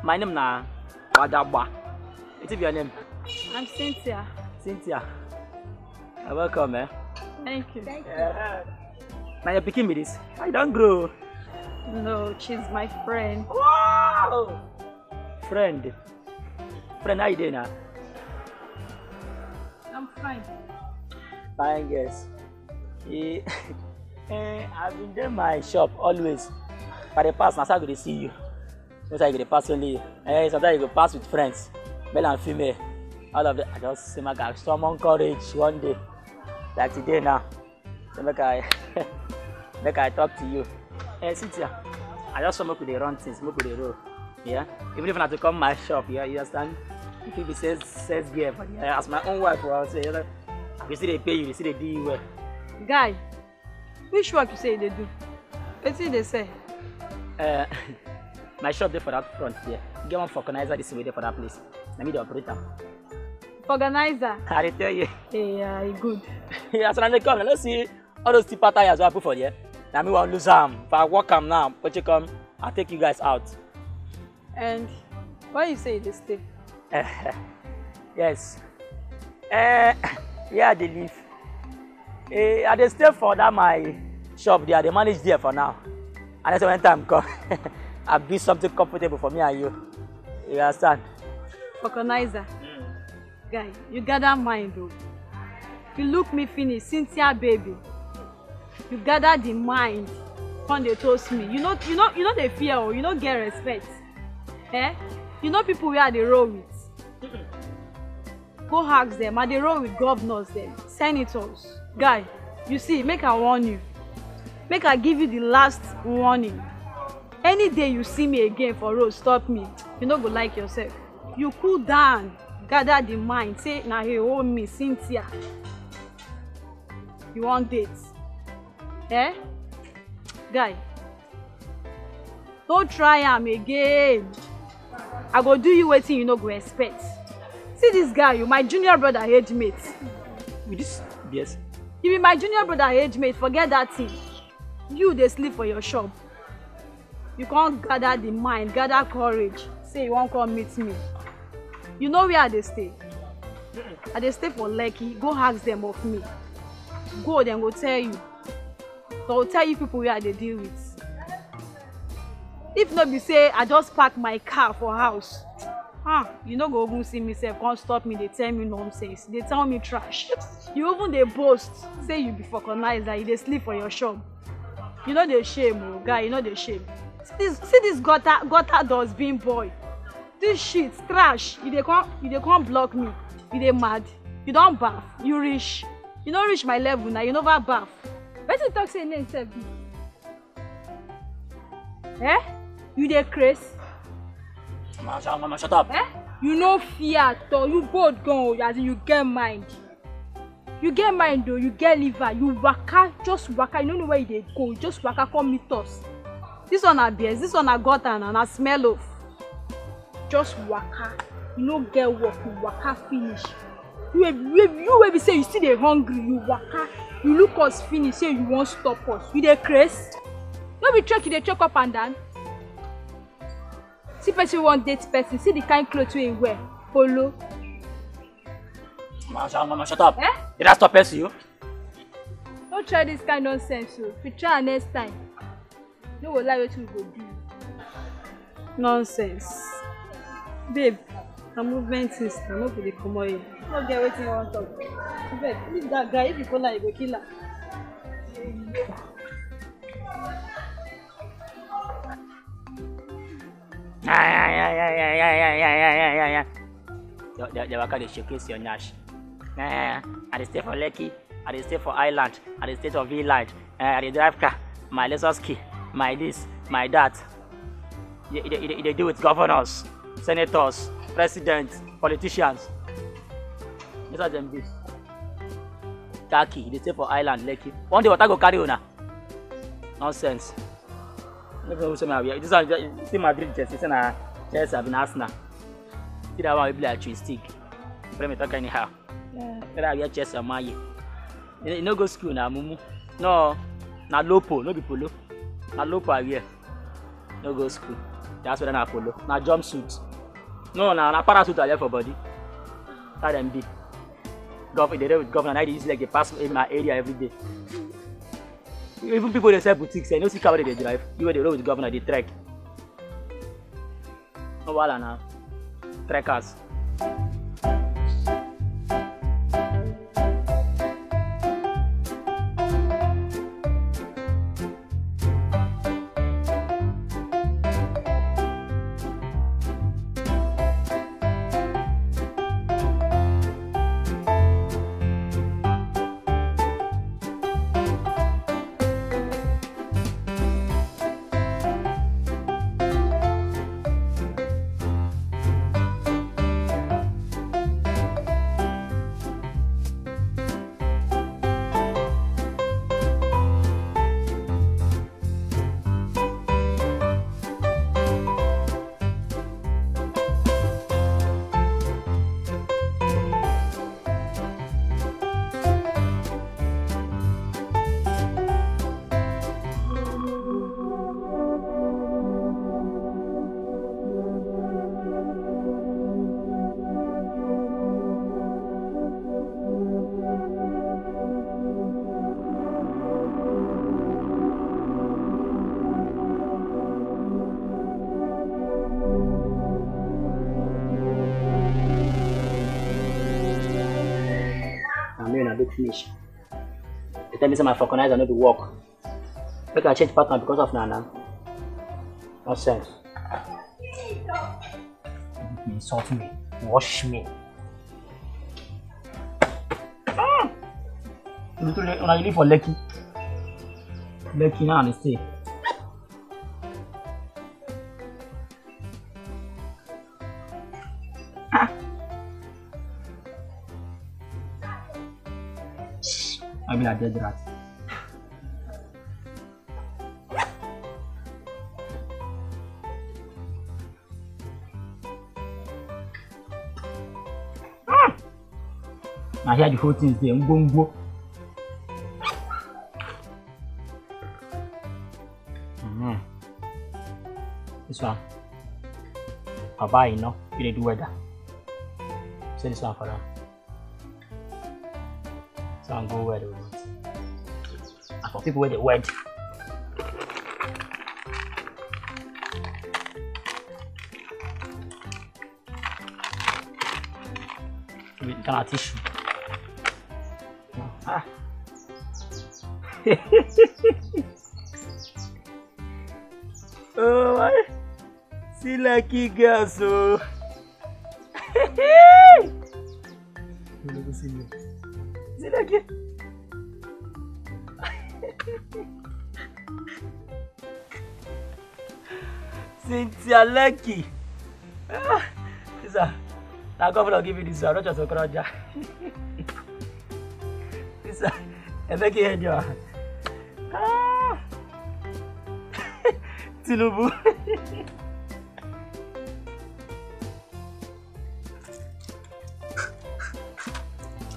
My name na Wadabwa. What is your name? I'm Cynthia. Cynthia. Welcome, eh? Thank you. Thank you. Yeah. Now you're picking me this. I don't grow. No, she's my friend. Wow! Friend. Friend, how you doing ah? I'm fine. Fine, yes. Yeah. Eh, I've been doing my shop always. For the past, I'm I to see you no say you go pass only eh sometimes you go pass with friends male and female all of them i just say make i summon courage one day like today now say make i make i talk to you eh sit here i just want make we dey run things make we dey roll yeah even if na to come my shop yeah you understand you fit be sales sales girl for eh, there as my own wife well say you know i still dey pay you you still dey do you well. guy which work you say you dey do wetin you dey sell. Uh, my shop there for that front there get one for organizer this way there for that place Let me dey operate am. organizer. i tell you. Eh, yeah, e good. Yeah, so now they come Let's see all those tipper tires i put for there na me want lose them. if i walk am now you come i take you guys out. and why you say you dey stay. yes uh, where i dey live uh, i stay for that my shop there i dey manage there for now and that's when time come. I build something comfortable for me and you. You understand? Organizer. Mm. Guy, you gather mind though. You look me finish, Cynthia baby. You gather the mind. Come they toast me. You know, you know, you know they fear or oh. you know get respect. Eh? You know people where they roll with. Go ask them. I they roll with governors them, senators. Guy, you see, make I warn you. Make I give you the last warning any day you see me again for road stop me you no go like yourself you cool down gather the mind say na her own oh, me cynthia you wan date eh guy no try am again i go do you wetin you no go expect see this guy you my junior brother age mate with dis yes you be my junior brother age mate forget that thing you dey sleep for your shop you come gather the mind gather courage say you wan come meet me you know where i dey stay i dey stay for lekki go ask dem of me go dem go tell you dem go tell you people wey i dey deal with if no be say i just park my car for house ah you no go even see me sef come stop me dey tell me nonsense dey tell me trash you even dey boast say you be vulcanizer you dey sleep for your shop you no dey shame o oh, guy you no dey shame see this see this gutter gutter being boy this shit trash you dey come you dey come block me you dey mad you don't baff you rich. you no reach my level Now you never baff wetin talk say name sef be eh you dey craze. mama shut up mama shut up. Eh? you no fear at you bold gan o as in you get mind you get mind o you get liver you waka just waka you no know where you dey go just waka come meet us This one na beers This one na gutter and na smell of just waka you know, get work you waka finish you wey you wey be say you see they hungry you waka you look us finish say you won't stop us you dey craze no be check you They check up and down see person wan date person see the kind clothes wey wear polo. mama shut up mama shut up eh? did i stop person you. Don't try this kind nonsense o oh. if you try next time no go lie wetin we go do nonsense babe na movement things na no go dey comot here no get wetin you wan talk abeg leave dat guy if you call am you go kill am. The, the, the waka dey showcase your nyash Yeah, i dey stay for lekki i dey stay for island i dey stay for village uh, i dey drive car my lexus key my this, my that. They, they, they do with governors, senators, presidents, politicians. These are them this. Khaki, they stay for island, Lekki. One day I go carry una. Nonsense. This one, see Madrid jersey, see na Chelsea, I've been Arsenal. See that one we play like a stick. Let me talk anyhow. Yeah. Let I wear Chelsea, Amaye. You no go school now, mumu. No, na lopo, no be polo na low per wear no go school that's whether na polo na jumpsuit no na na parasuit i wear for body that dem be gov dey dey with governor na dey use leg dey pass in my area every day even people dey sell boutique sef no see car wey dey drive you wey dey roll with governor dey trek no wahala na trekkers. tell me say my vulcanizer no dey work make i change partner because of nana nonsense you insult me wash me ah una you live for lekki lekki now i stay. abila dɛ dira ten. I hear the whole thing there, ngongo. Mm. Mm-hmm. This one. Baba, you know, you did weather. Say this one for them. On go where they want. And for people where they wed, Ah. oh, my see lucky girls. sílẹ̀ díẹ̀. Cynthia Lekki. Ah, sir, na God will give you this. I don't just cry, ja. Sir, I beg you, Edio.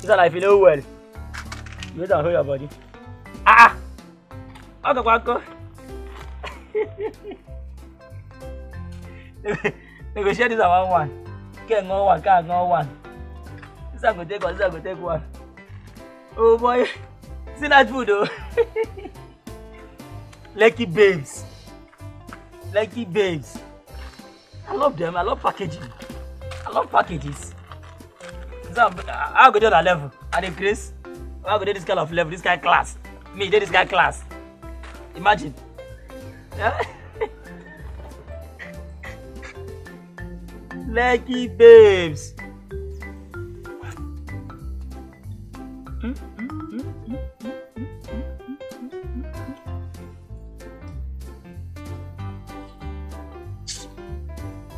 This one I feel oh well. You better hold your body. Ah! Ako kwako. They go share this one one. Get no one, can't no one. This one go take one, this one go take one. Oh boy. See that food oh. Lucky babes. Lucky babes. I love them. I love packaging. I love packages. So how go do that level? I dey grace. How go do this kind of level? This kind of class. Me do this kind of class. Imagine. Yeah? Lucky babes.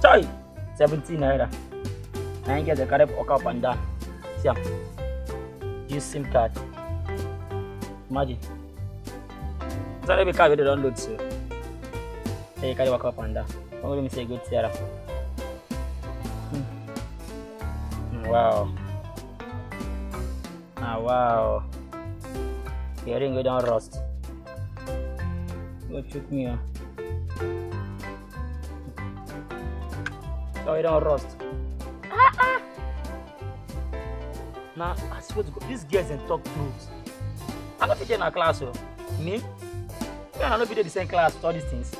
Sorry, 17 naira. I ain't get the carrot up and down. siap use sim card imagine so let me carry download so Eh, kali waktu apa anda? down don't let say good Sarah hmm. wow ah wow hearing ring go down rust go shoot me on oh it don't rust ah ah na i swear to god these girls dem talk truth I'm not fit in na class yo. me me and i no fit the same class with all these things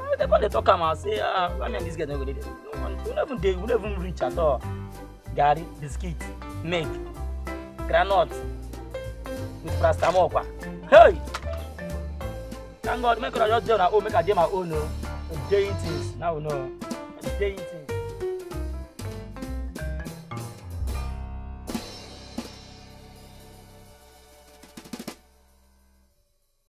i dey come dey talk come and say ah why me and these girls don't go dey there we no even we no reach at all Gary, biscuit milk groundnut with paracetamol kwa hey thank god make una just do una own make i dey my own o dey things now no. know dey things.